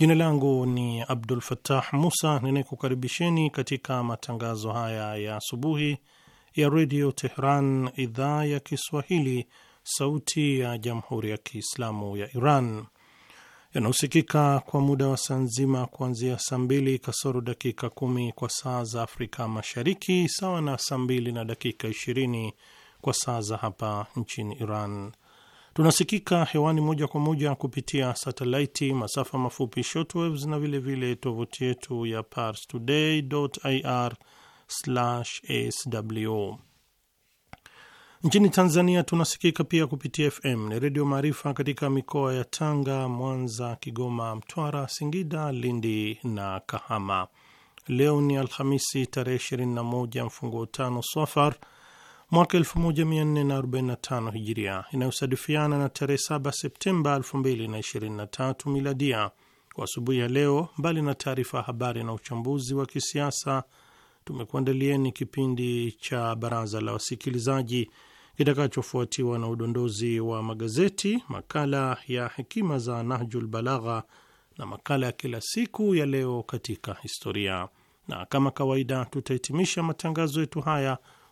Jina langu ni Abdul fatah Musa, ninayekukaribisheni katika matangazo haya ya asubuhi ya Redio Tehran, idhaa ya Kiswahili, sauti ya Jamhuri ya Kiislamu ya Iran, yanayosikika kwa muda wa saa nzima kuanzia saa mbili kasoro dakika kumi kwa saa za Afrika Mashariki, sawa na saa mbili na dakika ishirini kwa saa za hapa nchini Iran. Tunasikika hewani moja kwa moja kupitia satelaiti, masafa mafupi shortwaves na vilevile tovuti yetu ya pars ir sw Nchini Tanzania tunasikika pia kupitia FM ni Redio Maarifa katika mikoa ya Tanga, Mwanza, Kigoma, Mtwara, Singida, Lindi na Kahama. Leo ni Alhamisi tarehe 21 mfungo tano Swafar mwaka 1445 hijiria inayosadifiana na tarehe 7 Septemba 2023 miladia. Kwa asubuhi ya leo, mbali na taarifa ya habari na uchambuzi wa kisiasa, tumekuandalieni kipindi cha baraza la wasikilizaji kitakachofuatiwa na udondozi wa magazeti, makala ya hekima za Nahjul Balagha na makala ya kila siku ya leo katika historia, na kama kawaida tutahitimisha matangazo yetu haya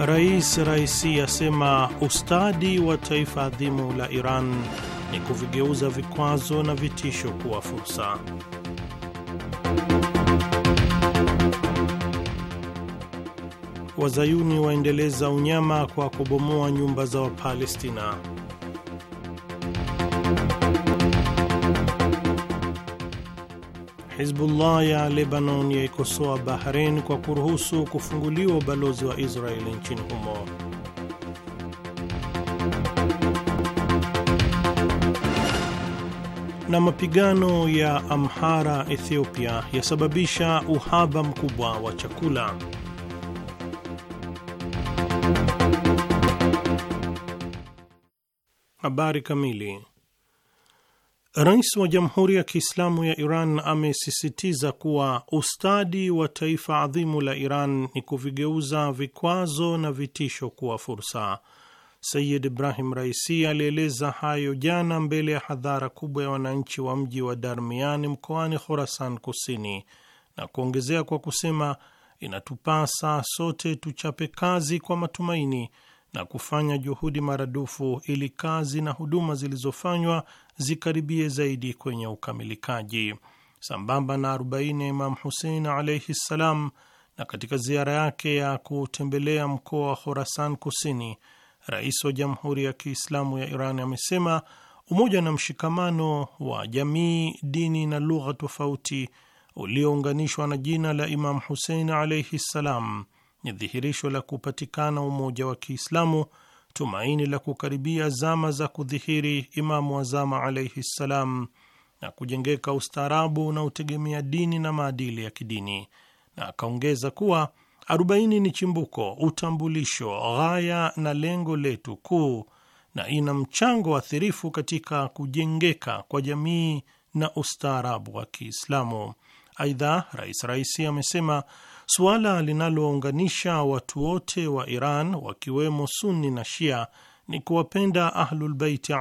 Rais Raisi asema ustadi wa taifa adhimu la Iran ni kuvigeuza vikwazo na vitisho kuwa fursa. Wazayuni waendeleza unyama kwa kubomoa nyumba za Wapalestina. Hizbullah ya Lebanon yaikosoa Bahrein kwa kuruhusu kufunguliwa ubalozi wa Israeli nchini humo. Na mapigano ya Amhara Ethiopia yasababisha uhaba mkubwa wa chakula. Habari kamili Rais wa Jamhuri ya Kiislamu ya Iran amesisitiza kuwa ustadi wa taifa adhimu la Iran ni kuvigeuza vikwazo na vitisho kuwa fursa. Sayid Ibrahim Raisi alieleza hayo jana mbele ya hadhara kubwa ya wananchi wa mji wa Darmian mkoani Khorasan Kusini, na kuongezea kwa kusema, inatupasa sote tuchape kazi kwa matumaini na kufanya juhudi maradufu ili kazi na huduma zilizofanywa zikaribie zaidi kwenye ukamilikaji, sambamba na 40 Imam Husein alaihi ssalam. Na katika ziara yake ya kutembelea mkoa wa Khorasan Kusini, rais wa Jamhuri ya Kiislamu ya Iran amesema umoja na mshikamano wa jamii, dini na lugha tofauti uliounganishwa na jina la Imam Husein alaihi ssalam ni dhihirisho la kupatikana umoja wa Kiislamu tumaini la kukaribia zama za kudhihiri Imamu wa zama alaihi ssalam na kujengeka ustaarabu unaotegemea dini na maadili ya kidini, na akaongeza kuwa arobaini ni chimbuko, utambulisho, ghaya na lengo letu kuu, na ina mchango athirifu katika kujengeka kwa jamii na ustaarabu wa Kiislamu. Aidha, Rais Raisi amesema suala linalounganisha watu wote wa Iran wakiwemo Sunni na Shia ni kuwapenda Ahlulbeiti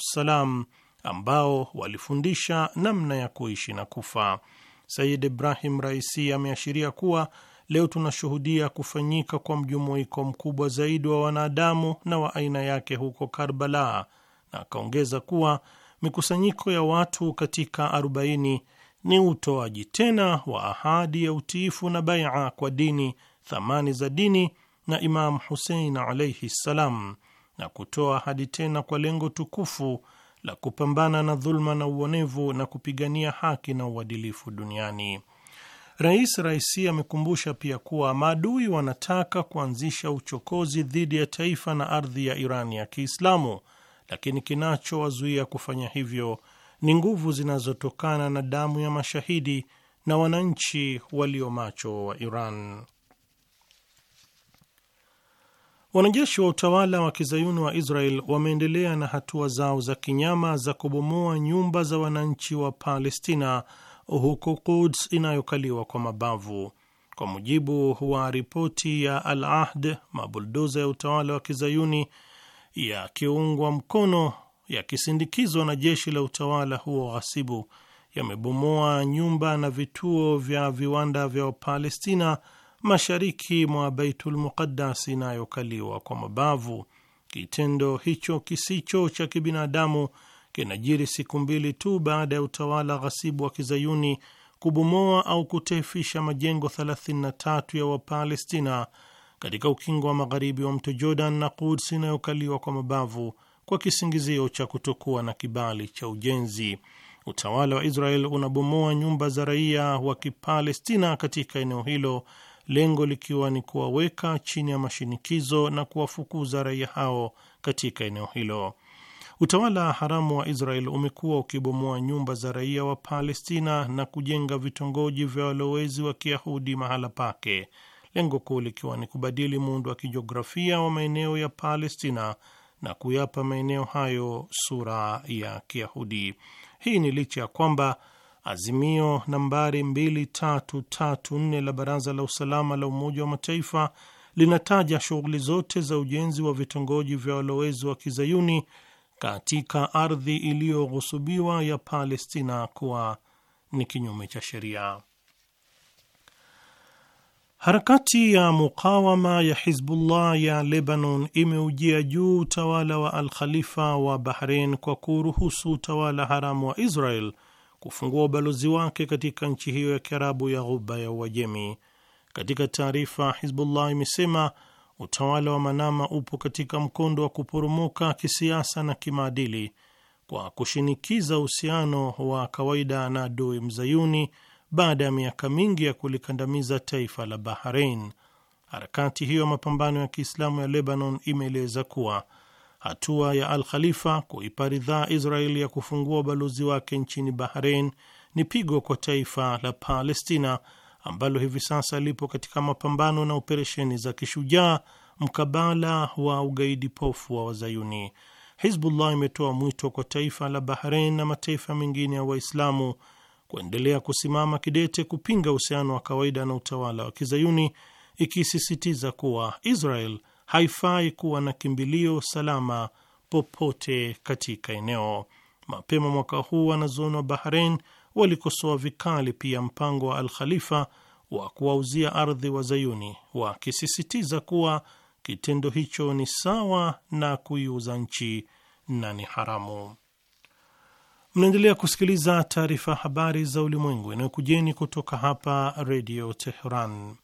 ssalam ambao walifundisha namna ya kuishi na kufa. Sayid Ibrahim Raisi ameashiria kuwa leo tunashuhudia kufanyika kwa mjumuiko mkubwa zaidi wa wanadamu na wa aina yake huko Karbala, na akaongeza kuwa mikusanyiko ya watu katika arobaini ni utoaji tena wa ahadi ya utiifu na baia kwa dini, thamani za dini na Imam Husein alaihi ssalam, na kutoa ahadi tena kwa lengo tukufu la kupambana na dhuluma na uonevu na kupigania haki na uadilifu duniani. Rais Raisi amekumbusha pia kuwa maadui wanataka kuanzisha uchokozi dhidi ya taifa na ardhi ya Irani ya Kiislamu, lakini kinachowazuia kufanya hivyo ni nguvu zinazotokana na damu ya mashahidi na wananchi walio macho wa Iran. Wanajeshi wa utawala wa kizayuni wa Israel wameendelea na hatua zao za kinyama za kubomoa nyumba za wananchi wa Palestina huko Quds inayokaliwa kwa mabavu. Kwa mujibu wa ripoti ya Al Ahd, mabuldoza ya utawala wa kizayuni yakiungwa mkono yakisindikizwa na jeshi la utawala huo ghasibu yamebomoa nyumba na vituo vya viwanda vya Wapalestina mashariki mwa Baitul Muqaddas inayokaliwa kwa mabavu. Kitendo hicho kisicho cha kibinadamu kinajiri siku mbili tu baada ya utawala ghasibu wa kizayuni kubomoa au kutaifisha majengo 33 ya Wapalestina katika ukingo wa magharibi wa mto Jordan na Quds inayokaliwa kwa mabavu kwa kisingizio cha kutokuwa na kibali cha ujenzi. Utawala wa Israel unabomoa nyumba za raia wa Kipalestina katika eneo hilo, lengo likiwa ni kuwaweka chini ya mashinikizo na kuwafukuza raia hao katika eneo hilo. Utawala haramu wa Israel umekuwa ukibomoa nyumba za raia wa Palestina na kujenga vitongoji vya walowezi wa Kiyahudi mahala pake, lengo kuu likiwa ni kubadili muundo wa kijiografia wa maeneo ya Palestina na kuyapa maeneo hayo sura ya Kiyahudi. Hii ni licha ya kwamba azimio nambari 2334 la Baraza la Usalama la Umoja wa Mataifa linataja shughuli zote za ujenzi wa vitongoji vya walowezi wa kizayuni katika ardhi iliyoghusubiwa ya Palestina kuwa ni kinyume cha sheria. Harakati ya mukawama ya Hizbullah ya Lebanon imeujia juu utawala wa Al-Khalifa wa Bahrein kwa kuruhusu utawala haramu wa Israel kufungua ubalozi wake katika nchi hiyo ya Kiarabu ya Ghuba ya Uajemi. Katika taarifa, Hizbullah imesema utawala wa Manama upo katika mkondo wa kuporomoka kisiasa na kimaadili kwa kushinikiza uhusiano wa kawaida na adui mzayuni baada ya miaka mingi ya kulikandamiza taifa la Bahrain. Harakati hiyo ya mapambano ya Kiislamu ya Lebanon imeeleza kuwa hatua ya Al Khalifa kuipa ridhaa Israeli ya kufungua ubalozi wake nchini Bahrain ni pigo kwa taifa la Palestina ambalo hivi sasa lipo katika mapambano na operesheni za kishujaa mkabala wa ugaidi pofu wa Wazayuni. Hizbullah imetoa mwito kwa taifa la Bahrain na mataifa mengine ya Waislamu kuendelea kusimama kidete kupinga uhusiano wa kawaida na utawala wa Kizayuni, ikisisitiza kuwa Israel haifai kuwa na kimbilio salama popote katika eneo. Mapema mwaka huu wanazuoni wa Bahrain walikosoa vikali pia mpango wa Al Khalifa wa kuwauzia ardhi wa zayuni wakisisitiza kuwa kitendo hicho ni sawa na kuiuza nchi na ni haramu. Mnaendelea kusikiliza taarifa habari za ulimwengu inayokujeni kutoka hapa redio Teheran.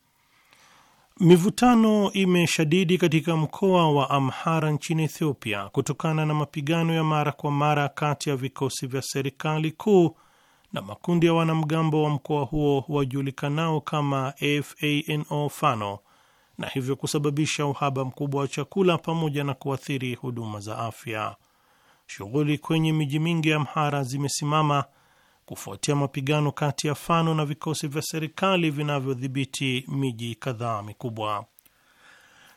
Mivutano imeshadidi katika mkoa wa Amhara nchini Ethiopia kutokana na mapigano ya mara kwa mara kati ya vikosi vya serikali kuu na makundi ya wanamgambo wa mkoa huo wajulikanao kama FANO Fano, na hivyo kusababisha uhaba mkubwa wa chakula pamoja na kuathiri huduma za afya shughuli kwenye miji mingi ya Amhara zimesimama kufuatia mapigano kati ya Fano na vikosi vya serikali vinavyodhibiti miji kadhaa mikubwa.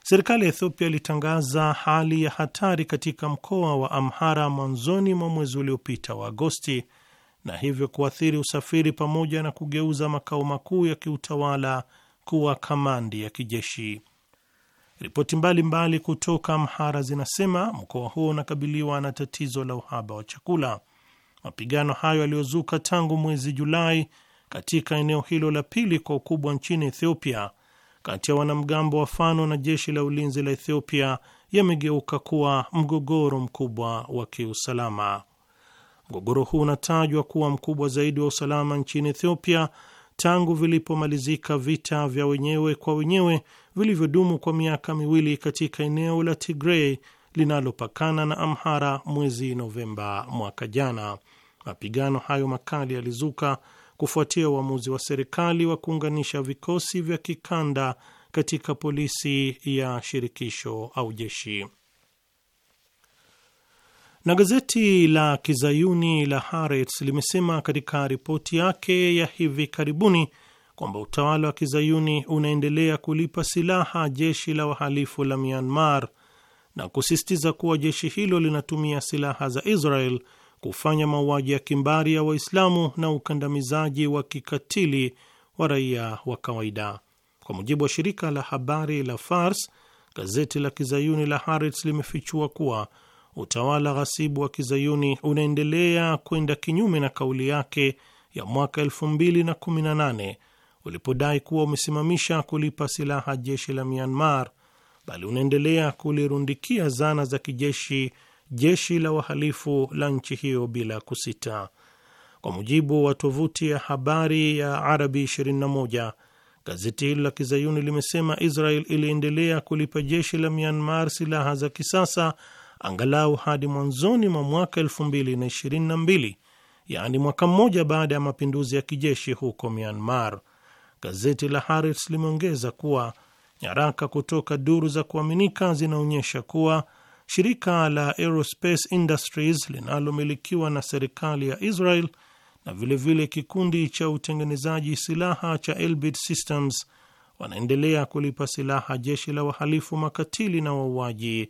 Serikali ya Ethiopia ilitangaza hali ya hatari katika mkoa wa Amhara mwanzoni mwa mwezi uliopita wa Agosti, na hivyo kuathiri usafiri pamoja na kugeuza makao makuu ya kiutawala kuwa kamandi ya kijeshi. Ripoti mbalimbali kutoka Mhara zinasema mkoa huo unakabiliwa na tatizo la uhaba wa chakula. Mapigano hayo yaliyozuka tangu mwezi Julai katika eneo hilo la pili kwa ukubwa nchini Ethiopia, kati ya wanamgambo wa Fano na jeshi la ulinzi la Ethiopia yamegeuka kuwa mgogoro mkubwa wa kiusalama. Mgogoro huu unatajwa kuwa mkubwa zaidi wa usalama nchini Ethiopia tangu vilipomalizika vita vya wenyewe kwa wenyewe vilivyodumu kwa miaka miwili katika eneo la tigrey linalopakana na Amhara mwezi Novemba mwaka jana. Mapigano hayo makali yalizuka kufuatia uamuzi wa serikali wa kuunganisha vikosi vya kikanda katika polisi ya shirikisho au jeshi. Na gazeti la kizayuni la Haaretz limesema katika ripoti yake ya hivi karibuni kwamba utawala wa kizayuni unaendelea kulipa silaha jeshi la wahalifu la Myanmar na kusisitiza kuwa jeshi hilo linatumia silaha za Israel kufanya mauaji ya kimbari ya Waislamu na ukandamizaji wa kikatili wa raia wa kawaida. Kwa mujibu wa shirika la habari la Fars, gazeti la kizayuni la Haaretz limefichua kuwa utawala ghasibu wa kizayuni unaendelea kwenda kinyume na kauli yake ya mwaka 2018 ulipodai kuwa umesimamisha kulipa silaha jeshi la Myanmar, bali unaendelea kulirundikia zana za kijeshi jeshi la wahalifu la nchi hiyo bila kusita. Kwa mujibu wa tovuti ya habari ya Arabi 21, gazeti hilo la kizayuni limesema Israel iliendelea kulipa jeshi la Myanmar silaha za kisasa angalau hadi mwanzoni mwa mwaka 2022, yaani mwaka mmoja baada ya mapinduzi ya kijeshi huko Myanmar. Gazeti la haris limeongeza kuwa nyaraka kutoka duru za kuaminika zinaonyesha kuwa shirika la Aerospace Industries linalomilikiwa na serikali ya Israel na vilevile vile kikundi cha utengenezaji silaha cha Elbit Systems wanaendelea kulipa silaha jeshi la wahalifu makatili na wauaji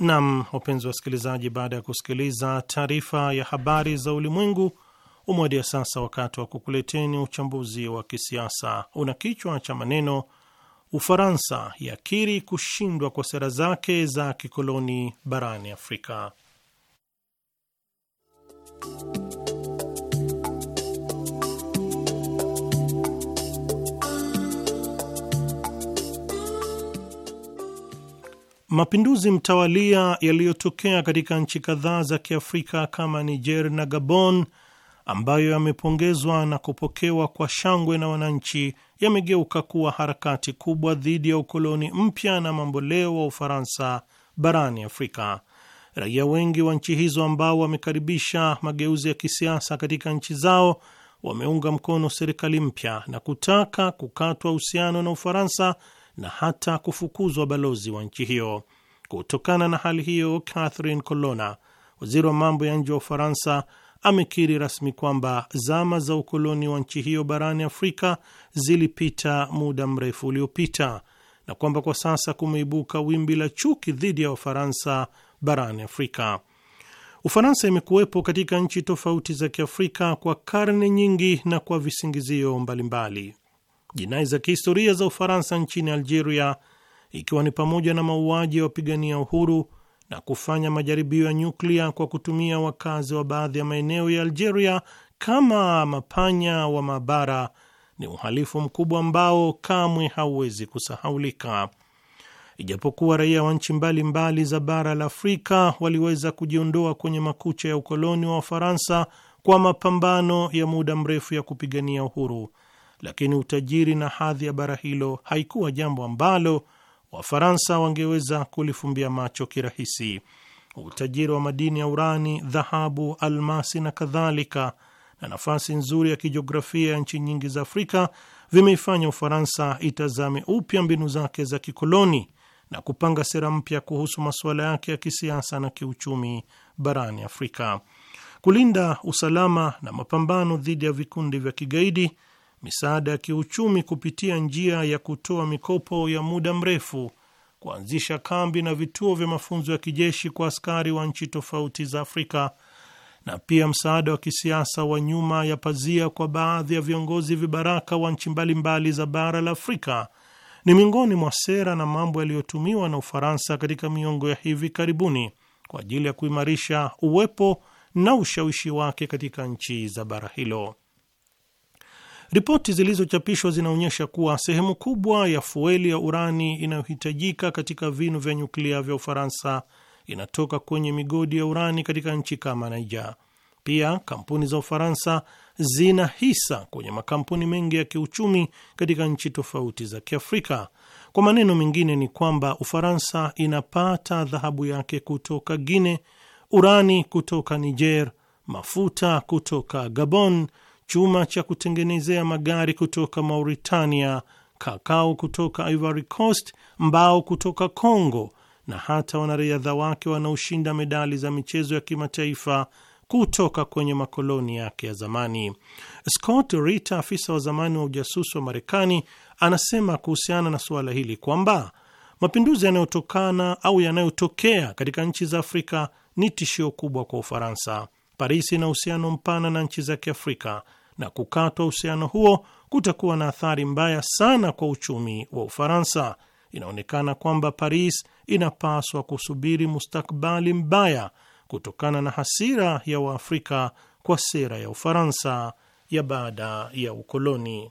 Nam, wapenzi wasikilizaji, baada ya kusikiliza taarifa ya habari za ulimwengu, umewadia sasa wakati wa kukuleteni uchambuzi wa kisiasa una kichwa cha maneno Ufaransa yakiri kushindwa kwa sera zake za kikoloni barani Afrika. Mapinduzi mtawalia yaliyotokea katika nchi kadhaa za Kiafrika kama Niger na Gabon, ambayo yamepongezwa na kupokewa kwa shangwe na wananchi, yamegeuka kuwa harakati kubwa dhidi ya ukoloni mpya na mamboleo wa Ufaransa barani Afrika. Raia wengi wa nchi hizo ambao wamekaribisha mageuzi ya kisiasa katika nchi zao wameunga mkono serikali mpya na kutaka kukatwa uhusiano na Ufaransa na hata kufukuzwa balozi wa nchi hiyo. Kutokana na hali hiyo, Catherine Colonna, waziri wa mambo ya nje wa Ufaransa, amekiri rasmi kwamba zama za ukoloni wa nchi hiyo barani Afrika zilipita muda mrefu uliopita na kwamba kwa sasa kumeibuka wimbi la chuki dhidi ya Wafaransa barani Afrika. Ufaransa imekuwepo katika nchi tofauti za Kiafrika kwa karne nyingi na kwa visingizio mbalimbali. Jinai za kihistoria za Ufaransa nchini Algeria, ikiwa ni pamoja na mauaji ya wapigania uhuru na kufanya majaribio ya nyuklia kwa kutumia wakazi wa baadhi ya maeneo ya Algeria kama mapanya wa maabara, ni uhalifu mkubwa ambao kamwe hauwezi kusahaulika. Ijapokuwa raia wa nchi mbalimbali za bara la Afrika waliweza kujiondoa kwenye makucha ya ukoloni wa ufaransa kwa mapambano ya muda mrefu ya kupigania uhuru, lakini utajiri na hadhi ya bara hilo haikuwa jambo ambalo Wafaransa wangeweza kulifumbia macho kirahisi. Utajiri wa madini ya urani, dhahabu, almasi na kadhalika, na nafasi nzuri ya kijiografia ya nchi nyingi za Afrika vimeifanya Ufaransa itazame upya mbinu zake za kikoloni na kupanga sera mpya kuhusu masuala yake ya kisiasa na kiuchumi barani Afrika. Kulinda usalama na mapambano dhidi ya vikundi vya kigaidi misaada ya kiuchumi kupitia njia ya kutoa mikopo ya muda mrefu, kuanzisha kambi na vituo vya mafunzo ya kijeshi kwa askari wa nchi tofauti za Afrika, na pia msaada wa kisiasa wa nyuma ya pazia kwa baadhi ya viongozi vibaraka wa nchi mbalimbali za bara la Afrika ni miongoni mwa sera na mambo yaliyotumiwa na Ufaransa katika miongo ya hivi karibuni kwa ajili ya kuimarisha uwepo na ushawishi wake katika nchi za bara hilo. Ripoti zilizochapishwa zinaonyesha kuwa sehemu kubwa ya fueli ya urani inayohitajika katika vinu vya nyuklia vya Ufaransa inatoka kwenye migodi ya urani katika nchi kama Naija. Pia kampuni za Ufaransa zina hisa kwenye makampuni mengi ya kiuchumi katika nchi tofauti za Kiafrika. Kwa maneno mengine, ni kwamba Ufaransa inapata dhahabu yake kutoka Guine, urani kutoka Niger, mafuta kutoka Gabon chuma cha kutengenezea magari kutoka Mauritania, kakao kutoka Ivory Coast, mbao kutoka Congo na hata wanariadha wake wanaoshinda medali za michezo ya kimataifa kutoka kwenye makoloni yake ya zamani. Scott Ritter, afisa wa zamani wa ujasusi wa Marekani, anasema kuhusiana na suala hili kwamba mapinduzi yanayotokana au yanayotokea katika nchi za Afrika ni tishio kubwa kwa Ufaransa. Paris ina uhusiano mpana na nchi za Kiafrika na kukatwa uhusiano huo kutakuwa na athari mbaya sana kwa uchumi wa Ufaransa. Inaonekana kwamba Paris inapaswa kusubiri mustakbali mbaya kutokana na hasira ya Waafrika kwa sera ya Ufaransa ya baada ya ukoloni.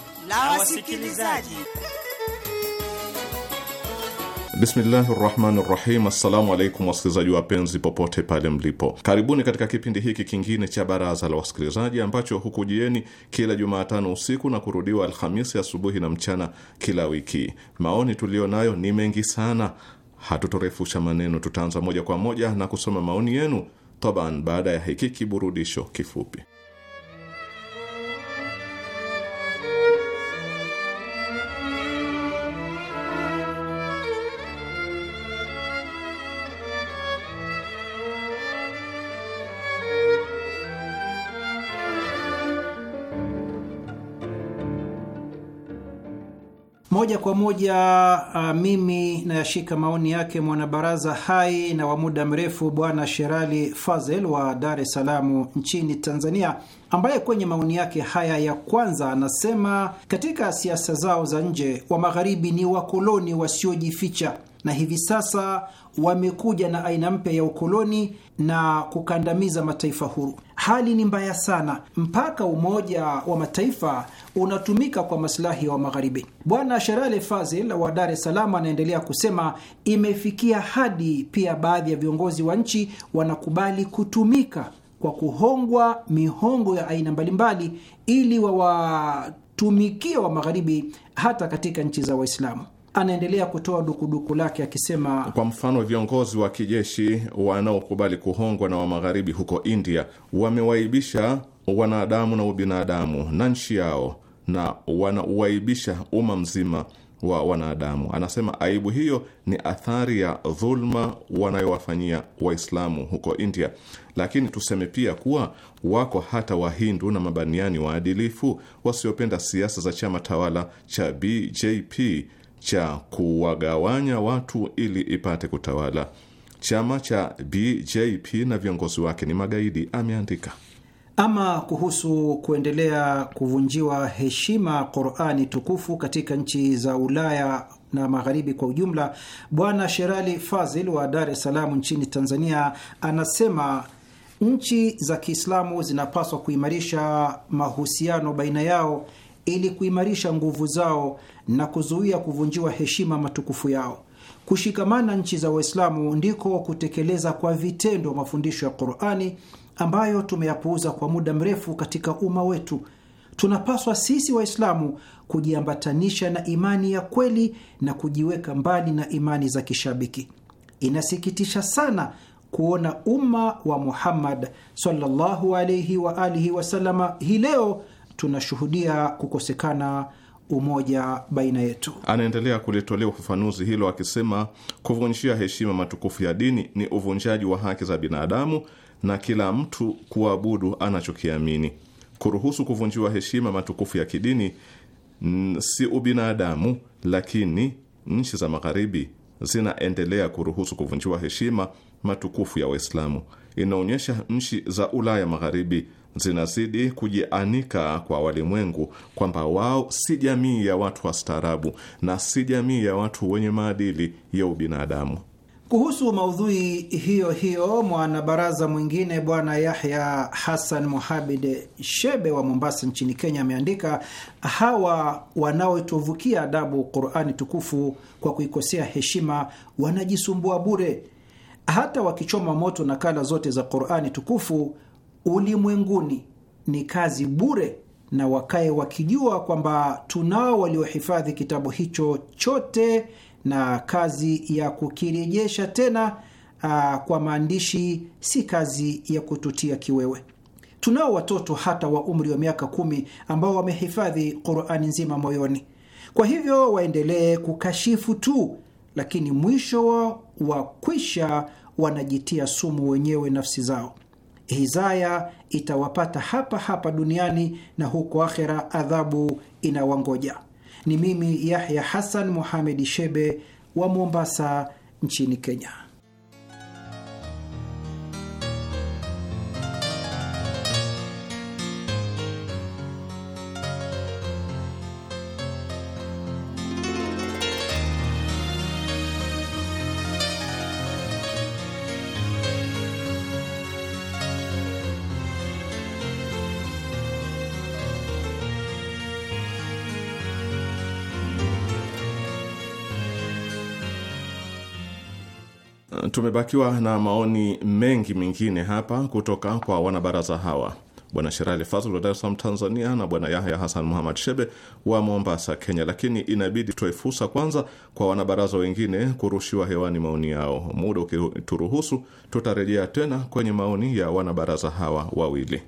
la wasikilizaji. Bismillahi rahmani rahim. Assalamu alaikum wasikilizaji wapenzi, popote pale mlipo, karibuni katika kipindi hiki kingine cha baraza la wasikilizaji ambacho hukujieni kila Jumatano usiku na kurudiwa Alhamisi asubuhi na mchana kila wiki. Maoni tuliyo nayo ni mengi sana, hatutorefusha maneno, tutaanza moja kwa moja na kusoma maoni yenu toban, baada ya hiki kiburudisho kifupi. Moja kwa moja uh, mimi nayashika maoni yake mwanabaraza hai na wa muda mrefu Bwana Sherali Fazel wa Dar es Salaam nchini Tanzania, ambaye kwenye maoni yake haya ya kwanza anasema katika siasa zao za nje wa Magharibi ni wakoloni wasiojificha na hivi sasa wamekuja na aina mpya ya ukoloni na kukandamiza mataifa huru. Hali ni mbaya sana, mpaka Umoja wa Mataifa unatumika kwa masilahi ya wa Magharibi. Bwana Sherale Fazil wa Dar es Salaam anaendelea kusema, imefikia hadi pia baadhi ya viongozi wa nchi wanakubali kutumika kwa kuhongwa mihongo ya aina mbalimbali ili wawatumikie wa Magharibi hata katika nchi za Waislamu anaendelea kutoa dukuduku lake akisema, kwa mfano, viongozi wa kijeshi wanaokubali kuhongwa na wa magharibi huko India wamewaibisha wanadamu na ubinadamu na nchi yao, na wanauaibisha umma mzima wa wanadamu. Anasema aibu hiyo ni athari ya dhulma wanayowafanyia Waislamu huko India, lakini tuseme pia kuwa wako hata Wahindu na mabaniani waadilifu wasiopenda siasa za chama tawala cha BJP cha kuwagawanya watu ili ipate kutawala. Chama cha BJP na viongozi wake ni magaidi, ameandika. Ama kuhusu kuendelea kuvunjiwa heshima Qurani tukufu katika nchi za Ulaya na magharibi kwa ujumla, Bwana Sherali Fazil wa Dar es Salaam nchini Tanzania anasema nchi za Kiislamu zinapaswa kuimarisha mahusiano baina yao ili kuimarisha nguvu zao na kuzuia kuvunjiwa heshima matukufu yao. Kushikamana nchi za Waislamu ndiko kutekeleza kwa vitendo mafundisho ya Qurani ambayo tumeyapuuza kwa muda mrefu katika umma wetu. Tunapaswa sisi Waislamu kujiambatanisha na imani ya kweli na kujiweka mbali na imani za kishabiki. Inasikitisha sana kuona umma wa Muhammad sallallahu alaihi wa alihi hii leo tunashuhudia kukosekana umoja baina yetu. Anaendelea kulitolea ufafanuzi hilo akisema, kuvunjia heshima matukufu ya dini ni uvunjaji wa haki za binadamu na kila mtu kuabudu anachokiamini. Kuruhusu kuvunjiwa heshima matukufu ya kidini si ubinadamu, lakini nchi za Magharibi zinaendelea kuruhusu kuvunjiwa heshima matukufu ya Waislamu. Inaonyesha nchi za Ulaya Magharibi zinazidi kujianika kwa walimwengu kwamba wao si jamii ya watu wastaarabu na si jamii ya watu wenye maadili ya ubinadamu. Kuhusu maudhui hiyo hiyo, mwanabaraza mwingine Bwana Yahya Hassan muhamed Shebe wa Mombasa nchini Kenya ameandika, hawa wanaotuvukia adabu Qurani tukufu kwa kuikosea heshima wanajisumbua bure. Hata wakichoma moto nakala zote za Qurani tukufu ulimwenguni ni kazi bure, na wakae wakijua kwamba tunao waliohifadhi kitabu hicho chote na kazi ya kukirejesha tena aa, ah, kwa maandishi si kazi ya kututia kiwewe. Tunao watoto hata wa umri wa miaka kumi ambao wamehifadhi Qur'ani nzima moyoni. Kwa hivyo waendelee kukashifu tu, lakini mwisho wa kwisha wanajitia sumu wenyewe nafsi zao hizaya itawapata hapa hapa duniani na huko akhera adhabu inawangoja. Ni mimi Yahya Hasan Muhamedi Shebe wa Mombasa nchini Kenya. tumebakiwa na maoni mengi mengine hapa kutoka kwa wanabaraza hawa Bwana Sherali Fazl wa Dar es Salaam, Tanzania, na Bwana Yahya Hasan Muhamad Shebe wa Mombasa, Kenya. Lakini inabidi tutoe fursa kwanza kwa wanabaraza wengine kurushiwa hewani maoni yao. Muda ukituruhusu, tutarejea tena kwenye maoni ya wanabaraza hawa wawili.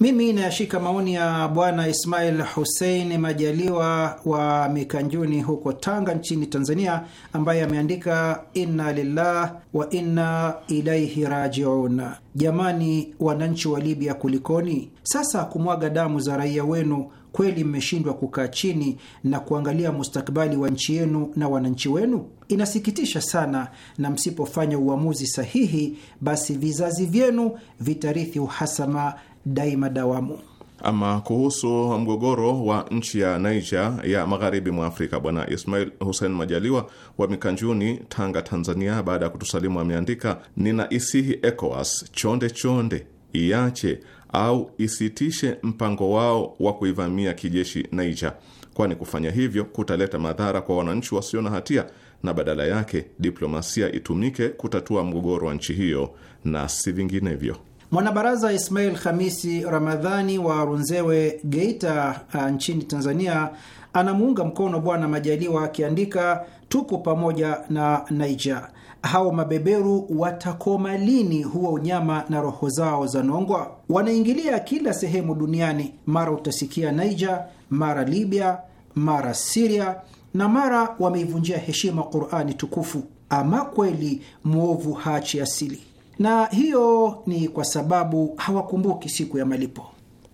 Mimi nayashika maoni ya Bwana Ismail Hussein Majaliwa wa Mikanjuni huko Tanga nchini Tanzania, ambaye ameandika inna lillah wa inna ilaihi rajiun. Jamani, wananchi wa Libya, kulikoni sasa kumwaga damu za raia wenu? Kweli mmeshindwa kukaa chini na kuangalia mustakabali wa nchi yenu na wananchi wenu? Inasikitisha sana, na msipofanya uamuzi sahihi, basi vizazi vyenu vitarithi uhasama daima dawamu. Ama kuhusu mgogoro wa nchi ya Niger ya magharibi mwa Afrika, Bwana Ismail Hussein Majaliwa wa Mikanjuni, Tanga, Tanzania, baada ya kutusalimu ameandika, nina isihi ECOWAS chonde chonde iache au isitishe mpango wao wa kuivamia kijeshi Niger, kwani kufanya hivyo kutaleta madhara kwa wananchi wasio na hatia na badala yake diplomasia itumike kutatua mgogoro wa nchi hiyo na si vinginevyo. Mwanabaraza Ismail Hamisi Ramadhani wa Runzewe, Geita uh, nchini Tanzania anamuunga mkono Bwana Majaliwa akiandika, tuko pamoja na Naija. Hao mabeberu watakoma lini? Huwa unyama na roho zao za nongwa, wanaingilia kila sehemu duniani. Mara utasikia Naija, mara Libya, mara Siria na mara wameivunjia heshima Qurani tukufu. Ama kweli mwovu haachi asili na hiyo ni kwa sababu hawakumbuki siku ya malipo.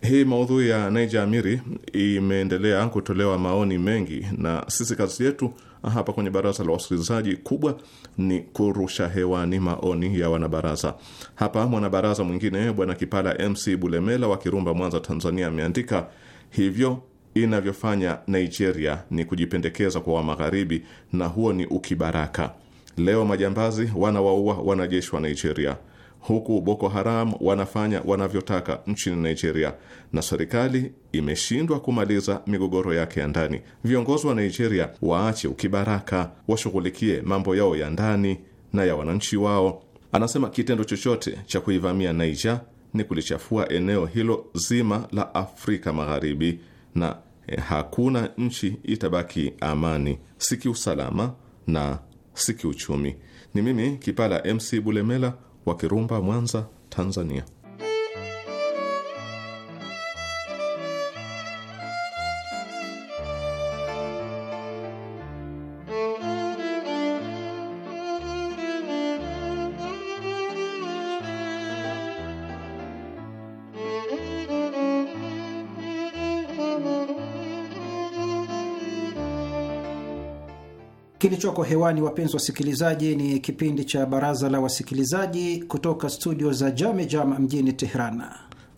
Hii maudhui ya Naija Amiri imeendelea kutolewa maoni mengi, na sisi kazi yetu hapa kwenye baraza la wasikilizaji kubwa ni kurusha hewani maoni ya wanabaraza. Hapa mwanabaraza mwingine Bwana Kipala MC Bulemela wa Kirumba, Mwanza, Tanzania, ameandika hivyo inavyofanya Nigeria ni kujipendekeza kwa Wamagharibi, na huo ni ukibaraka. Leo majambazi wanawaua wanajeshi wa Nigeria, huku Boko Haram wanafanya wanavyotaka nchini Nigeria, na serikali imeshindwa kumaliza migogoro yake ya ndani. Viongozi wa Nigeria waache ukibaraka, washughulikie mambo yao ya ndani na ya wananchi wao. Anasema kitendo chochote cha kuivamia Niger ni kulichafua eneo hilo zima la Afrika Magharibi, na eh, hakuna nchi itabaki amani, si kiusalama na si kiuchumi. Ni mimi Kipala MC Bulemela wa Kirumba, Mwanza, Tanzania. kilichoko hewani, wapenzi wasikilizaji, ni kipindi cha Baraza la Wasikilizaji kutoka studio za jamejam mjini Teheran.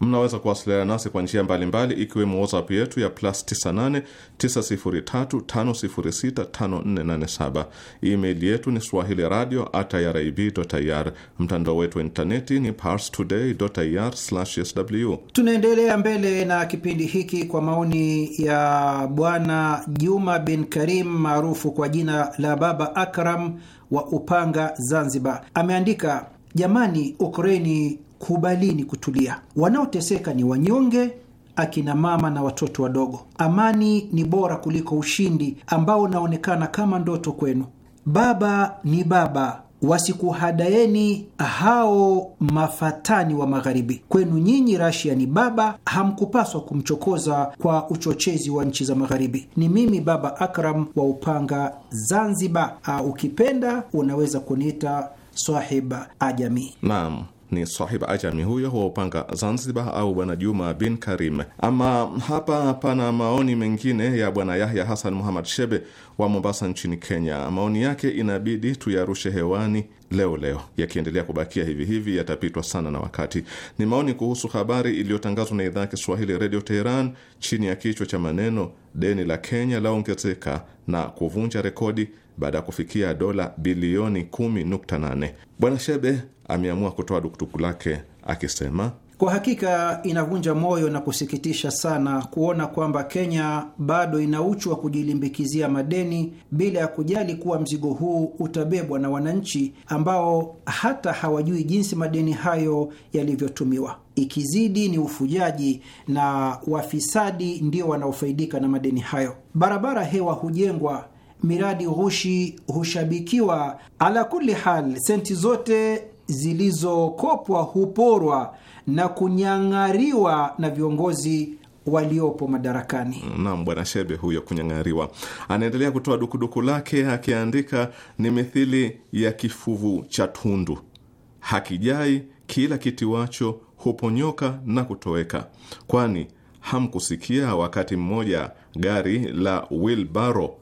Mnaweza kuwasiliana nasi kwa njia mbalimbali ikiwemo WhatsApp yetu ya plus 98 email yetu ni swahili radio irib ir, mtandao wetu wa intaneti ni pars today ir sw. Tunaendelea mbele na kipindi hiki kwa maoni ya Bwana Juma bin Karim maarufu kwa jina la Baba Akram wa Upanga, Zanzibar. Ameandika, jamani, Ukraini kubalini kutulia. Wanaoteseka ni wanyonge, akina mama na watoto wadogo. Amani ni bora kuliko ushindi ambao unaonekana kama ndoto kwenu. Baba ni baba, wasikuhadaeni hao mafatani wa magharibi. Kwenu nyinyi Rasia ni baba, hamkupaswa kumchokoza kwa uchochezi wa nchi za magharibi. Ni mimi Baba Akram wa Upanga, Zanzibar. Ah, ukipenda unaweza kuniita Swahib Ajami. Naam ni sahib ajami huyo wa upanga Zanzibar au bwana Juma bin Karim. Ama hapa pana maoni mengine ya bwana Yahya Hasan Muhammad Shebe wa Mombasa nchini Kenya. Maoni yake inabidi tuyarushe hewani leo leo, yakiendelea kubakia hivi hivi yatapitwa sana na wakati. Ni maoni kuhusu habari iliyotangazwa na idhaa ya Kiswahili Redio Teheran chini ya kichwa cha maneno deni la Kenya laongezeka na kuvunja rekodi baada ya kufikia dola bilioni 10.8. Bwana Shebe ameamua kutoa dukuduku lake akisema, kwa hakika inavunja moyo na kusikitisha sana kuona kwamba Kenya bado ina uchu wa kujilimbikizia madeni bila ya kujali kuwa mzigo huu utabebwa na wananchi ambao hata hawajui jinsi madeni hayo yalivyotumiwa. Ikizidi ni ufujaji na wafisadi ndio wanaofaidika na madeni hayo. Barabara hewa hujengwa miradi ghushi hushabikiwa. Ala kulli hal, senti zote zilizokopwa huporwa na kunyang'ariwa na viongozi waliopo madarakani. Naam, bwana Shebe huyo kunyang'ariwa. Anaendelea kutoa dukuduku lake akiandika, ni mithili ya kifuvu cha tundu, hakijai kila kitiwacho huponyoka na kutoweka. Kwani hamkusikia wakati mmoja gari la wilbaro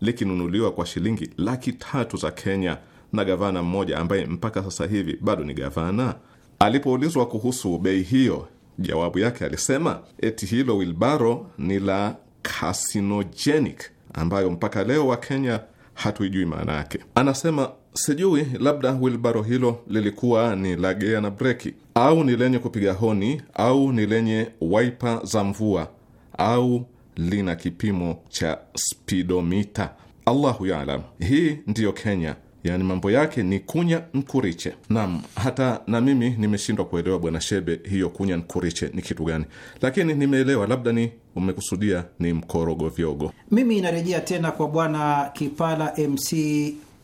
likinunuliwa kwa shilingi laki tatu za Kenya na gavana mmoja ambaye mpaka sasa hivi bado ni gavana. Alipoulizwa kuhusu bei hiyo, jawabu yake alisema eti hilo wilbaro ni la carcinogenic, ambayo mpaka leo Wakenya hatuijui maana yake. Anasema sijui, labda wilbaro hilo lilikuwa ni la gea na breki, au ni lenye kupiga honi, au ni lenye waipa za mvua, au lina kipimo cha spidomita. Allahu yaalam. Hii ndiyo Kenya yaani mambo yake ni kunya nkuriche. Naam, hata na mimi nimeshindwa kuelewa Bwana Shebe, hiyo kunya nkuriche ni kitu gani, lakini nimeelewa, labda ni umekusudia ni mkorogo vyogo. Mimi inarejea tena kwa Bwana Kipala MC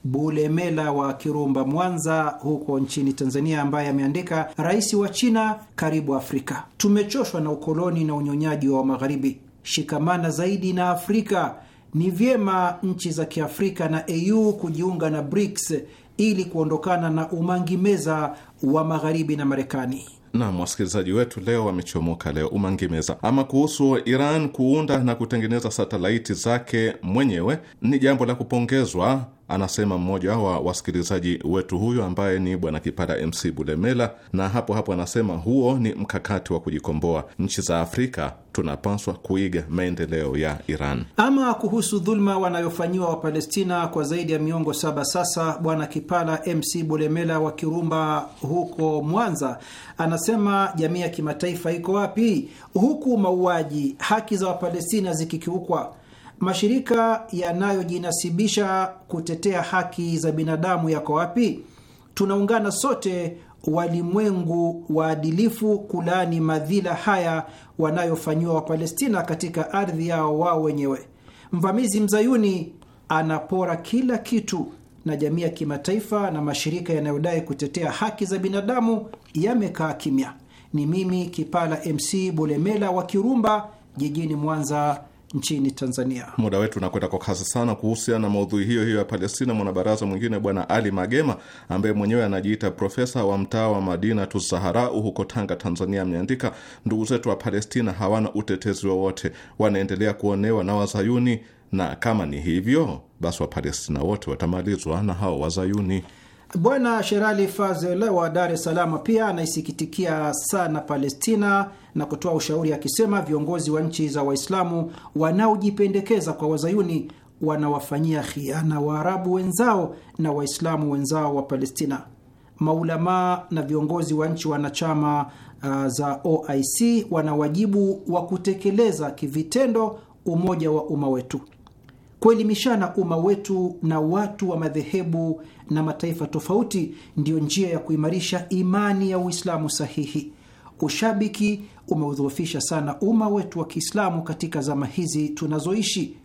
Bulemela wa Kirumba, Mwanza, huko nchini Tanzania, ambaye ameandika: rais wa China karibu Afrika. Tumechoshwa na ukoloni na unyonyaji wa Magharibi. Shikamana zaidi na Afrika ni vyema nchi za Kiafrika na AU kujiunga na BRICS ili kuondokana na umangimeza wa Magharibi na Marekani. Nam, wasikilizaji wetu leo wamechomoka leo umangimeza. Ama kuhusu Iran kuunda na kutengeneza satelaiti zake mwenyewe ni jambo la kupongezwa, anasema mmoja wa wasikilizaji wetu huyo ambaye ni bwana Kipara MC Bulemela, na hapo hapo anasema huo ni mkakati wa kujikomboa nchi za Afrika tunapaswa kuiga maendeleo ya Iran. Ama kuhusu dhuluma wanayofanyiwa Wapalestina kwa zaidi ya miongo saba sasa, Bwana Kipala MC Bulemela wa Kirumba huko Mwanza anasema jamii ya kimataifa iko wapi, huku mauaji, haki za Wapalestina zikikiukwa mashirika yanayojinasibisha kutetea haki za binadamu yako wapi? Tunaungana sote walimwengu waadilifu kulaani madhila haya wanayofanyiwa Wapalestina katika ardhi yao wao wenyewe. Mvamizi mzayuni anapora kila kitu, na jamii ya kimataifa na mashirika yanayodai kutetea haki za binadamu yamekaa kimya. Ni mimi Kipala MC Bulemela wa Kirumba jijini Mwanza nchini Tanzania. Muda wetu unakwenda kwa kasi sana. Kuhusiana na maudhui hiyo hiyo ya Palestina, mwanabaraza mwingine Bwana Ali Magema ambaye mwenyewe anajiita profesa wa mtaa wa Madina Tuzaharau huko Tanga, Tanzania, ameandika ndugu zetu wa Palestina hawana utetezi wowote, wanaendelea kuonewa na Wazayuni, na kama ni hivyo basi Wapalestina wote watamalizwa na hao Wazayuni. Bwana Sherali Fazel wa Dar es Salaam pia anaisikitikia sana Palestina na kutoa ushauri akisema, viongozi wa nchi za Waislamu wanaojipendekeza kwa wazayuni wanawafanyia khiana Waarabu wenzao na Waislamu wenzao wa Palestina. Maulamaa na viongozi wa nchi wanachama uh, za OIC wana wajibu wa kutekeleza kivitendo umoja wa umma wetu. Kuelimishana umma wetu na watu wa madhehebu na mataifa tofauti ndiyo njia ya kuimarisha imani ya Uislamu sahihi. Ushabiki umeudhoofisha sana umma wetu wa Kiislamu katika zama hizi tunazoishi.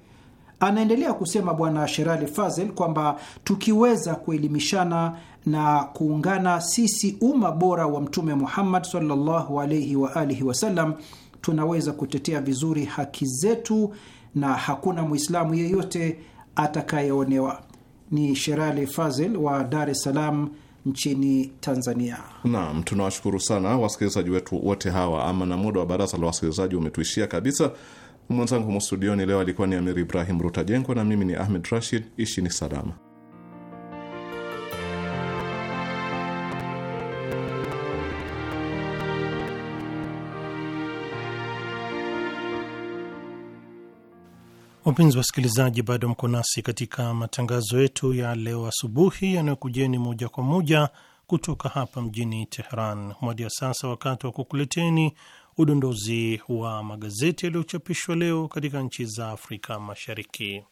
Anaendelea kusema Bwana Sherali Fazel kwamba tukiweza kuelimishana na kuungana, sisi umma bora wa Mtume Muhammad sallallahu alaihi wa alihi wasallam, tunaweza kutetea vizuri haki zetu na hakuna Mwislamu yeyote atakayeonewa. Ni Sherali Fazel wa Dar es Salaam nchini Tanzania. Naam, tunawashukuru sana wasikilizaji wetu wote hawa. Ama na muda wa baraza la wasikilizaji umetuishia kabisa. Mwenzangu mustudioni leo alikuwa ni Amir Ibrahim Rutajengwa na mimi ni Ahmed Rashid. Ishi ni salama. Wapenzi wasikilizaji, bado mko nasi katika matangazo yetu ya leo asubuhi yanayokujeni moja kwa moja kutoka hapa mjini Teheran. ya sasa wakati wa kukuleteni udondozi wa magazeti yaliyochapishwa leo katika nchi za Afrika Mashariki.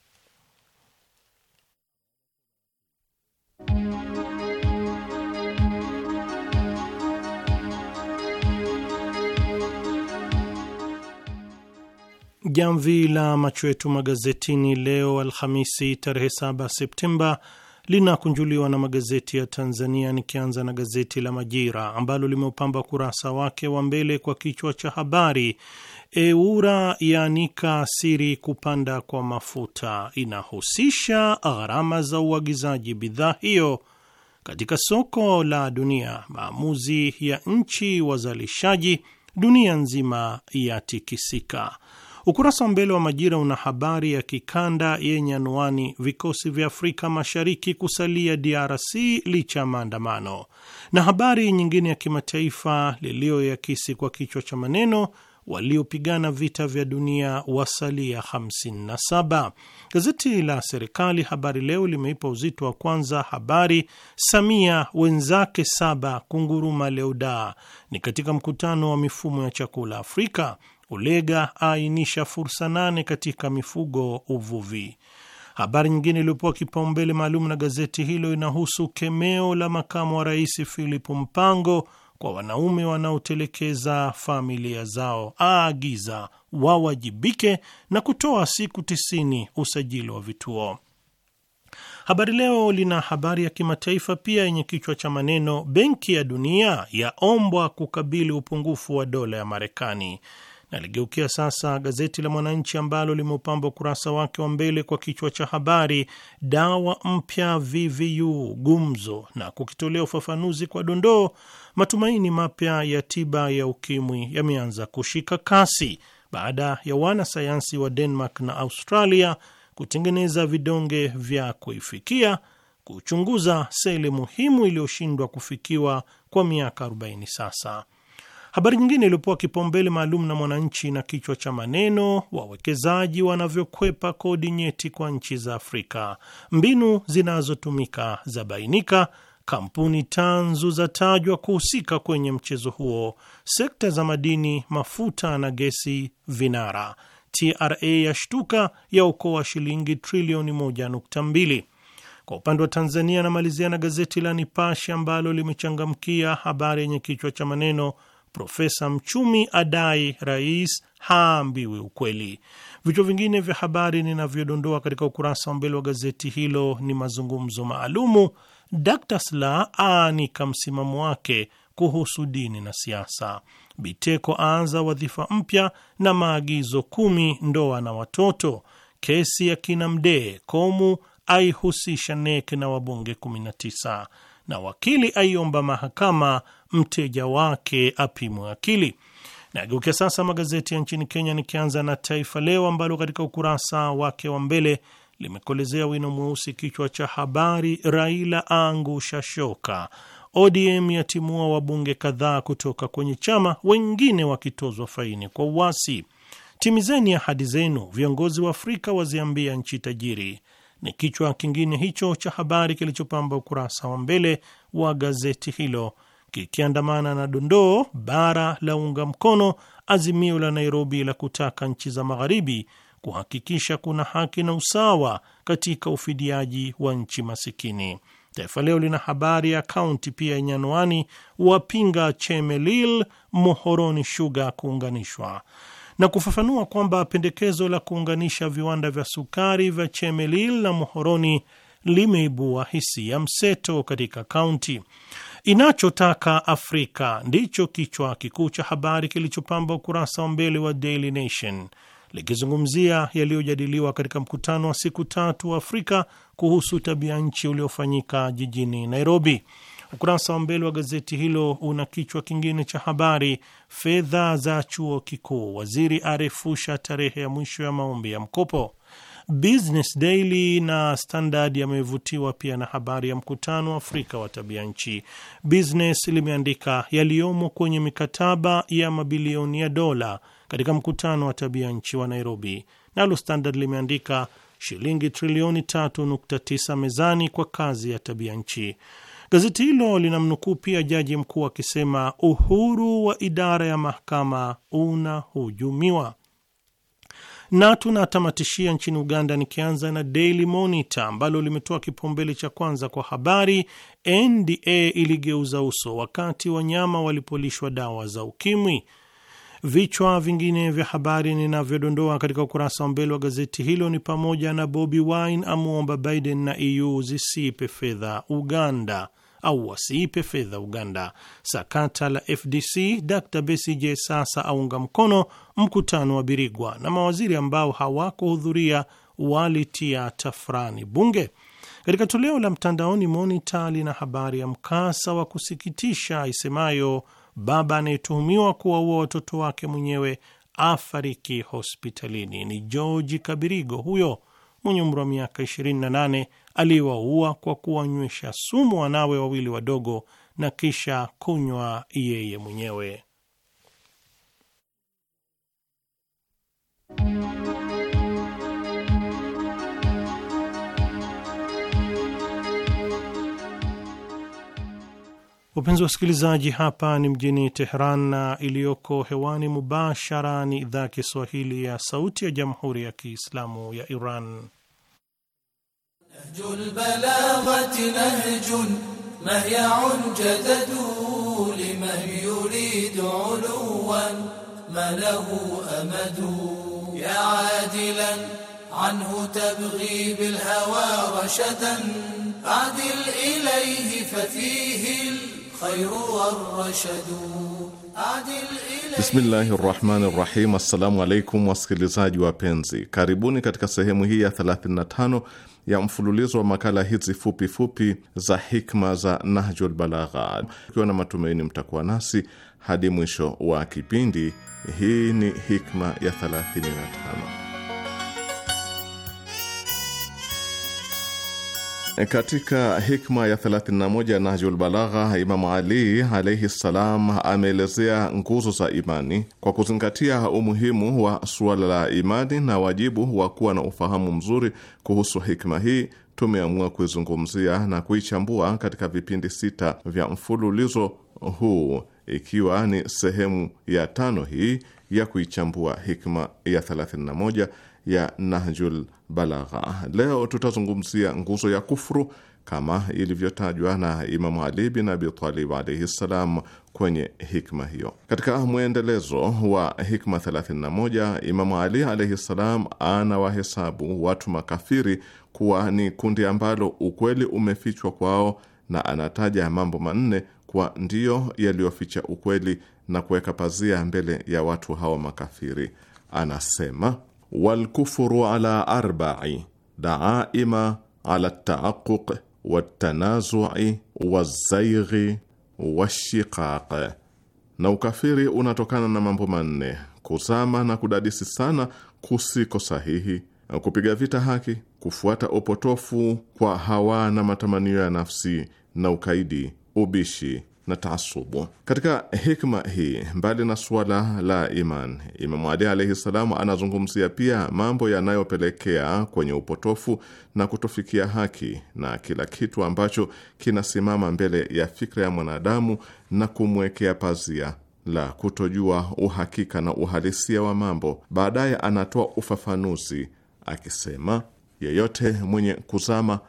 Jamvi la macho yetu magazetini leo Alhamisi tarehe 7 Septemba linakunjuliwa na magazeti ya Tanzania, nikianza na gazeti la Majira ambalo limeupamba kurasa wake wa mbele kwa kichwa cha habari, Eura yaanika siri kupanda kwa mafuta, inahusisha gharama za uagizaji bidhaa hiyo katika soko la dunia, maamuzi ya nchi wazalishaji, dunia nzima yatikisika. Ukurasa wa mbele wa Majira una habari ya kikanda yenye anwani vikosi vya Afrika Mashariki kusalia DRC licha ya maandamano, na habari nyingine ya kimataifa liliyoyakisi kwa kichwa cha maneno waliopigana vita vya dunia wasalia 57. Gazeti la serikali Habari Leo limeipa uzito wa kwanza habari Samia wenzake saba kunguruma Leuda, ni katika mkutano wa mifumo ya chakula Afrika. Ulega aainisha fursa nane katika mifugo uvuvi. Habari nyingine iliyopewa kipaumbele maalum na gazeti hilo inahusu kemeo la makamu wa rais Philip Mpango kwa wanaume wanaotelekeza familia zao, aagiza wawajibike na kutoa siku tisini usajili wa vituo. Habari Leo lina habari ya kimataifa pia yenye kichwa cha maneno Benki ya Dunia yaombwa kukabili upungufu wa dola ya Marekani. Naligeukia sasa gazeti la Mwananchi ambalo limeupamba ukurasa wake wa mbele kwa kichwa cha habari dawa mpya VVU gumzo, na kukitolea ufafanuzi kwa dondoo. Matumaini mapya ya tiba ya ukimwi yameanza kushika kasi baada ya wanasayansi wa Denmark na Australia kutengeneza vidonge vya kuifikia kuchunguza seli muhimu iliyoshindwa kufikiwa kwa miaka 40 sasa. Habari nyingine iliyopewa kipaumbele maalum na Mwananchi na kichwa cha maneno, wawekezaji wanavyokwepa kodi nyeti kwa nchi za Afrika, mbinu zinazotumika zabainika, kampuni tanzu zatajwa kuhusika kwenye mchezo huo, sekta za madini, mafuta na gesi vinara, TRA ya shtuka ya wa shilingi trilioni 1.2. Kwa upande wa Tanzania, anamalizia na gazeti la Nipashe ambalo limechangamkia habari yenye kichwa cha maneno Profesa mchumi adai rais haambiwi ukweli. Vichwa vingine vya habari ninavyodondoa katika ukurasa wa mbele wa gazeti hilo ni mazungumzo maalumu, d Sla aanika msimamo wake kuhusu dini na siasa, Biteko aanza wadhifa mpya na maagizo kumi ndoa na watoto, kesi ya kina Mdee, Komu aihusisha NEC na wabunge 19 na wakili aiomba mahakama mteja wake apimwe akili. Nageukia sasa magazeti ya nchini Kenya, nikianza na Taifa Leo ambalo katika ukurasa wake wa mbele limekolezea wino mweusi kichwa cha habari, Raila angusha shoka, ODM yatimua wabunge kadhaa kutoka kwenye chama, wengine wakitozwa faini kwa uasi. Timizeni ahadi zenu, viongozi wa Afrika waziambia nchi tajiri ni kichwa kingine hicho cha habari kilichopamba ukurasa wa mbele wa gazeti hilo kikiandamana na dondoo, bara la unga mkono azimio la Nairobi la kutaka nchi za magharibi kuhakikisha kuna haki na usawa katika ufidiaji wa nchi masikini. Taifa Leo lina habari ya kaunti pia yenye anwani wapinga Chemelil Mohoroni Shuga kuunganishwa na kufafanua kwamba pendekezo la kuunganisha viwanda vya sukari vya Chemelil na mohoroni limeibua hisia mseto katika kaunti. Inachotaka Afrika ndicho kichwa kikuu cha habari kilichopamba ukurasa wa mbele wa Daily Nation likizungumzia yaliyojadiliwa katika mkutano wa siku tatu wa Afrika kuhusu tabia nchi uliofanyika jijini Nairobi. Ukurasa wa mbele wa gazeti hilo una kichwa kingine cha habari, fedha za chuo kikuu, waziri arefusha tarehe ya mwisho ya maombi ya mkopo. Business Daily na Standard yamevutiwa pia na habari ya mkutano wa Afrika wa tabia nchi. Business limeandika yaliyomo kwenye mikataba ya mabilioni ya dola katika mkutano wa tabia nchi wa Nairobi. Nalo Standard limeandika shilingi trilioni 3.9 mezani kwa kazi ya tabia nchi. Gazeti hilo linamnukuu pia jaji mkuu akisema uhuru wa idara ya mahakama unahujumiwa. Na tunatamatishia nchini Uganda, nikianza na Daily Monitor ambalo limetoa kipaumbele cha kwanza kwa habari NDA iligeuza uso wakati wanyama walipolishwa dawa za ukimwi. Vichwa vingine vya habari ninavyodondoa katika ukurasa wa mbele wa gazeti hilo ni pamoja na Bobi Wine amwomba Biden na EU zisiipe fedha Uganda, au wasiipe fedha Uganda. Sakata la FDC, Dr Besigye sasa aunga mkono mkutano wa Birigwa na mawaziri ambao hawakuhudhuria walitia tafrani bunge. Katika toleo la mtandaoni Monita lina habari ya mkasa wa kusikitisha isemayo baba anayetuhumiwa kuwaua watoto wake mwenyewe afariki hospitalini. Ni George Kabirigo huyo mwenye umri wa miaka 28 aliyewaua kwa kuwanywesha sumu wanawe wawili wadogo na kisha kunywa yeye mwenyewe. Wapenzi wasikilizaji, hapa ni mjini Teheran na iliyoko hewani mubashara ni idhaa ya Kiswahili ya Sauti ya Jamhuri ya Kiislamu ya Iran. Anhu tabghi bilhawa rashadan adil ilayhi fafihi Bismillahi rahmani rahim. Assalamu alaikum wasikilizaji wapenzi, karibuni katika sehemu hii ya 35 ya mfululizo wa makala hizi fupi fupi za hikma za Nahjul Balagha, ukiwa na matumaini mtakuwa nasi hadi mwisho wa kipindi. Hii ni hikma ya 35. E, katika hikma ya 31 Nahjul Balagha, Imamu Ali alaihi ssalam ameelezea nguzo za imani kwa kuzingatia umuhimu wa suala la imani na wajibu wa kuwa na ufahamu mzuri kuhusu hikma hii. Tumeamua kuizungumzia na kuichambua katika vipindi sita vya mfululizo huu ikiwa ni sehemu ya tano hii ya kuichambua hikma ya 31 ya Nahjul Balagha. Leo tutazungumzia nguzo ya kufru kama ilivyotajwa na Imamu Ali bin Abi Talib alaihi ssalam kwenye hikma hiyo. Katika mwendelezo wa hikma 31, Imamu Ali alaihi ssalam anawahesabu watu makafiri kuwa ni kundi ambalo ukweli umefichwa kwao, na anataja mambo manne kuwa ndiyo yaliyoficha ukweli na kuweka pazia mbele ya watu hao makafiri. Anasema: walkufru ala arba'i daaima ala taaquq watanazu'i wazaighi washiqaq, na ukafiri unatokana na mambo manne: kuzama na kudadisi sana kusiko sahihi, kupiga vita haki, kufuata upotofu kwa hawa na matamanio ya nafsi, na ukaidi, ubishi na taasubu. Katika hikma hii, mbali na suala la iman, Imamu Ali alaihi salamu anazungumzia pia mambo yanayopelekea kwenye upotofu na kutofikia haki na kila kitu ambacho kinasimama mbele ya fikra ya mwanadamu na kumwekea pazia la kutojua uhakika na uhalisia wa mambo. Baadaye anatoa ufafanuzi akisema, yeyote mwenye kuzama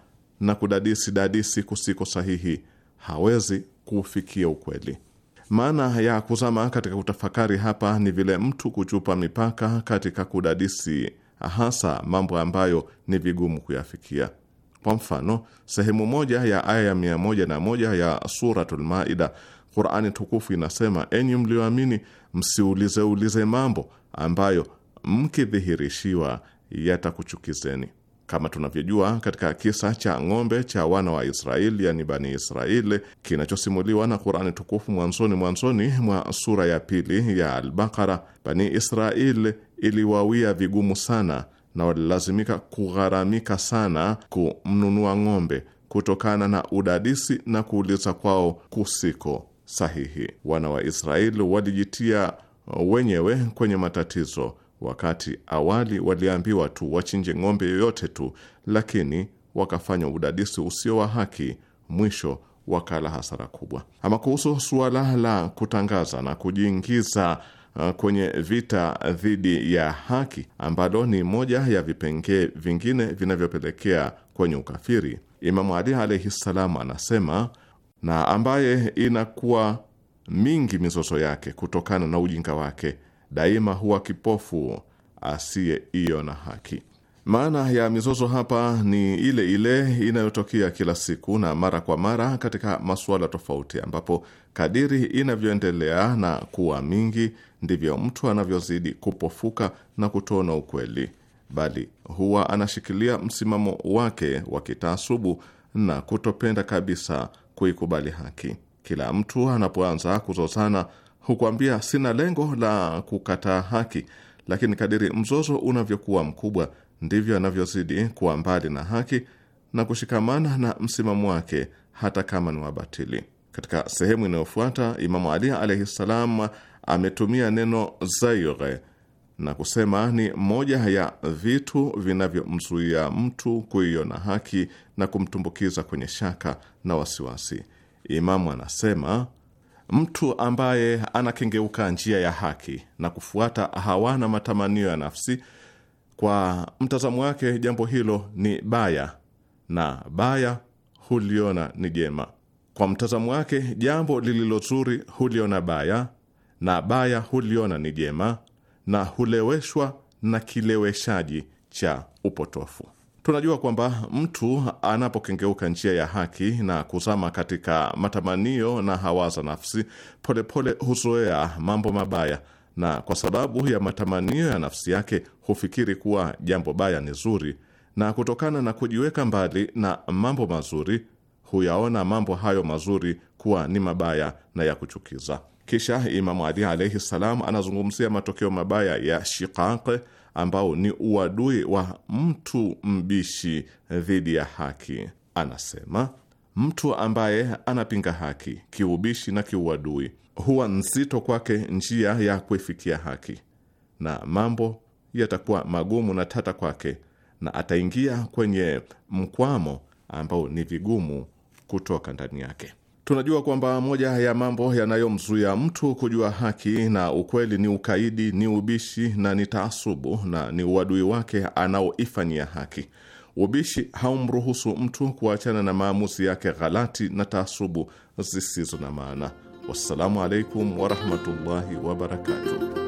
na kudadisi dadisi kusiko sahihi hawezi kufikia ukweli. Maana ya kuzama katika kutafakari hapa ni vile mtu kuchupa mipaka katika kudadisi hasa mambo ambayo ni vigumu kuyafikia. Kwa mfano, sehemu moja ya aya ya mia moja na moja ya Suratul Maida, Qurani tukufu inasema: enyi mlioamini, msiulizeulize mambo ambayo mkidhihirishiwa yatakuchukizeni. Kama tunavyojua katika kisa cha ng'ombe cha wana wa Israeli, yani Bani Israeli, kinachosimuliwa na qurani tukufu mwanzoni mwanzoni mwa sura ya pili ya Albakara, Bani Israeli iliwawia vigumu sana na walilazimika kugharamika sana kumnunua ng'ombe kutokana na udadisi na kuuliza kwao kusiko sahihi. Wana wa Israeli walijitia wenyewe kwenye matatizo wakati awali waliambiwa tu wachinje ng'ombe yoyote tu, lakini wakafanya udadisi usio wa haki, mwisho wakala hasara kubwa. Ama kuhusu suala la kutangaza na kujiingiza uh, kwenye vita dhidi ya haki ambalo ni moja ya vipengee vingine vinavyopelekea kwenye ukafiri, Imamu Ali alaihi ssalam anasema, na ambaye inakuwa mingi mizozo yake kutokana na ujinga wake daima huwa kipofu na haki. Maana ya mizozo hapa ni ile ile inayotokea kila siku na mara kwa mara katika masuala tofauti, ambapo kadiri inavyoendelea na kuwa mingi ndivyo mtu anavyozidi kupofuka na kutoona ukweli, bali huwa anashikilia msimamo wake wa kitaasubu na kutopenda kabisa kuikubali haki. Kila mtu anapoanza kuzozana hukuambia sina lengo la kukataa haki, lakini kadiri mzozo unavyokuwa mkubwa ndivyo anavyozidi kuwa mbali na haki na kushikamana na msimamo wake hata kama ni wabatili. Katika sehemu inayofuata, Imamu Ali alaihi ssalam ametumia neno zaire na kusema ni moja ya vitu vinavyomzuia mtu kuiona haki na kumtumbukiza kwenye shaka na wasiwasi. Imamu anasema Mtu ambaye anakengeuka njia ya haki na kufuata hawana matamanio ya nafsi, kwa mtazamo wake jambo hilo ni baya na baya huliona ni jema. Kwa mtazamo wake jambo lililo zuri huliona baya na baya huliona ni jema, na huleweshwa na kileweshaji cha upotofu. Tunajua kwamba mtu anapokengeuka njia ya haki na kuzama katika matamanio na hawa za nafsi, polepole huzoea mambo mabaya, na kwa sababu ya matamanio ya nafsi yake hufikiri kuwa jambo baya ni zuri, na kutokana na kujiweka mbali na mambo mazuri huyaona mambo hayo mazuri kuwa ni mabaya na ya kuchukiza. Kisha Imamu Ali alaihi salam anazungumzia matokeo mabaya ya shiqaq ambao ni uadui wa mtu mbishi dhidi ya haki. Anasema mtu ambaye anapinga haki kiubishi na kiuadui, huwa nzito kwake njia ya kuifikia haki, na mambo yatakuwa magumu na tata kwake, na ataingia kwenye mkwamo ambao ni vigumu kutoka ndani yake. Tunajua kwamba moja ya mambo yanayomzuia mtu kujua haki na ukweli ni ukaidi, ni ubishi na ni taasubu na ni uadui wake anaoifanyia haki. Ubishi haumruhusu mtu kuachana na maamuzi yake ghalati na taasubu zisizo na maana. Wassalamu alaikum warahmatullahi wabarakatuh.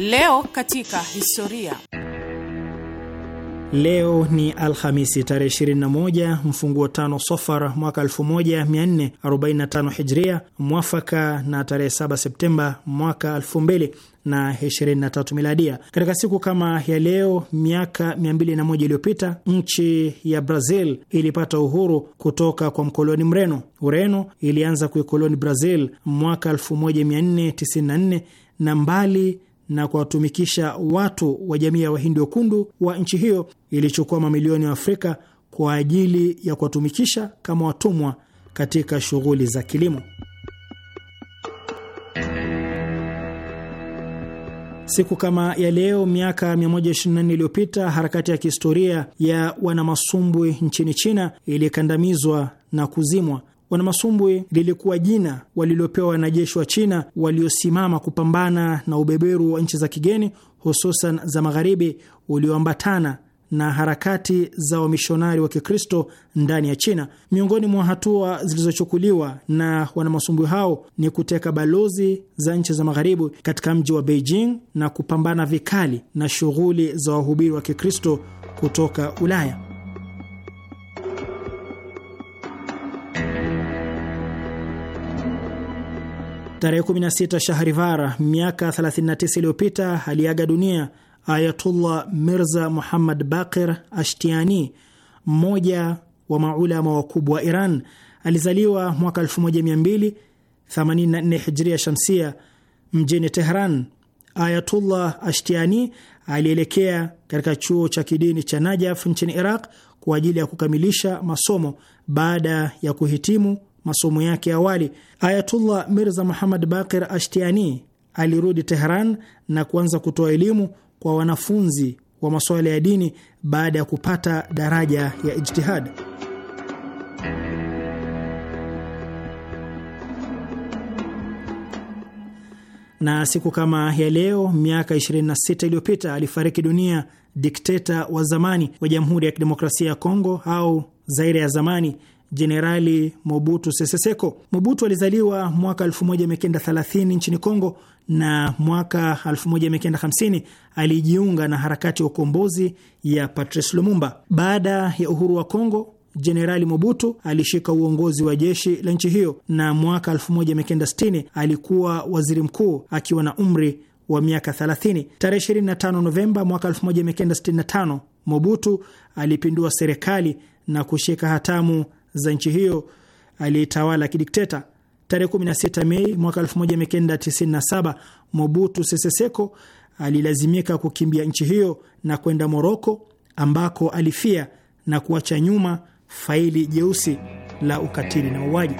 Leo katika historia. Leo ni Alhamisi tarehe 21 mfunguo tano Sofar mwaka 1445 Hijria, mwafaka na tarehe 7 Septemba mwaka 23 Miladia. Katika siku kama ya leo miaka 201 iliyopita nchi ya Brazil ilipata uhuru kutoka kwa mkoloni Mreno. Ureno ilianza kuikoloni Brazil mwaka 1494 na mbali na kuwatumikisha watu wa jamii ya wahindi wekundu wa nchi hiyo ilichukua mamilioni ya Afrika kwa ajili ya kuwatumikisha kama watumwa katika shughuli za kilimo. Siku kama ya leo miaka 124 iliyopita harakati ya kihistoria ya wanamasumbwi nchini China ilikandamizwa na kuzimwa wanamasumbwi lilikuwa jina walilopewa wanajeshi wa China waliosimama kupambana na ubeberu wa nchi za kigeni, hususan za magharibi ulioambatana na harakati za wamishonari wa Kikristo ndani ya China. Miongoni mwa hatua zilizochukuliwa na wanamasumbwi hao ni kuteka balozi za nchi za magharibi katika mji wa Beijing na kupambana vikali na shughuli za wahubiri wa Kikristo kutoka Ulaya. Tarehe 16 Shahrivara miaka 39 iliyopita aliaga dunia Ayatullah Mirza Muhammad Baqir Ashtiani, mmoja wa maulama wakubwa wa Iran. Alizaliwa mwaka 1284 hijria shamsia mjini Tehran. Ayatullah Ashtiani alielekea katika chuo cha kidini cha Najaf nchini Iraq kwa ajili ya kukamilisha masomo. Baada ya kuhitimu masomo yake awali. Ayatullah Mirza Muhammad Bakir Ashtiani alirudi Tehran na kuanza kutoa elimu kwa wanafunzi wa masuala ya dini baada ya kupata daraja ya ijtihad. Na siku kama ya leo miaka 26 iliyopita alifariki dunia dikteta wa zamani wa Jamhuri ya Kidemokrasia ya Kongo au Zaire ya zamani Jenerali Mobutu Sese Seko. Mobutu alizaliwa mwaka 1930 nchini Kongo na mwaka 1950 alijiunga na harakati ya ukombozi ya Patrice Lumumba. Baada ya uhuru wa Kongo, Jenerali Mobutu alishika uongozi wa jeshi la nchi hiyo na mwaka 1960 alikuwa waziri mkuu akiwa na umri wa miaka 30. Tarehe 25 Novemba mwaka 1965 Mobutu alipindua serikali na kushika hatamu za nchi hiyo aliyetawala kidikteta. Tarehe 16 Mei mwaka 1997 Mobutu Sese Seko alilazimika kukimbia nchi hiyo na kwenda Moroko ambako alifia na kuacha nyuma faili jeusi la ukatili na mauaji.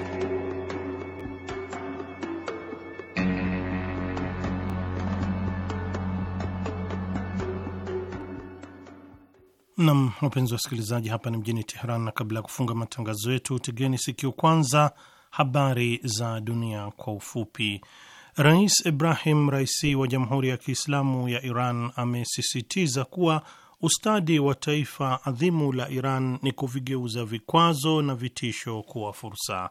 Nam, wapenzi wasikilizaji, hapa ni mjini Teheran, na kabla ya kufunga matangazo yetu, tegeni sikio kwanza habari za dunia kwa ufupi. Rais Ibrahim Raisi wa Jamhuri ya Kiislamu ya Iran amesisitiza kuwa ustadi wa taifa adhimu la Iran ni kuvigeuza vikwazo na vitisho kuwa fursa.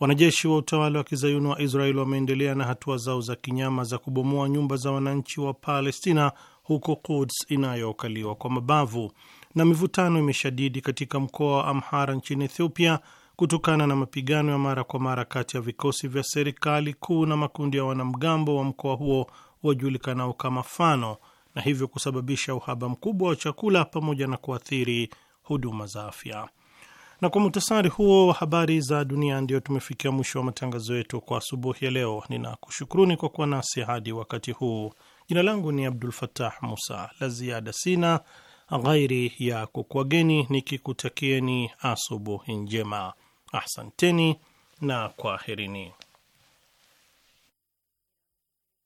Wanajeshi wa utawala wa kizayuni wa israel wameendelea na hatua zao za kinyama za kubomoa nyumba za wananchi wa Palestina huko Quds inayokaliwa kwa mabavu na mivutano imeshadidi katika mkoa wa Amhara nchini Ethiopia kutokana na mapigano ya mara kwa mara kati ya vikosi vya serikali kuu na makundi ya wanamgambo wa mkoa huo wajulikanao kama Fano, na hivyo kusababisha uhaba mkubwa wa chakula pamoja na kuathiri huduma za afya. Na kwa muhtasari huo wa habari za dunia, ndio tumefikia mwisho wa matangazo yetu kwa asubuhi ya leo. Ninakushukuruni kwa kuwa nasi hadi wakati huu. Jina langu ni Abdul Fatah Musa. La ziada sina ghairi ya kukwageni nikikutakieni asubuhi njema. Ahsanteni na kwaherini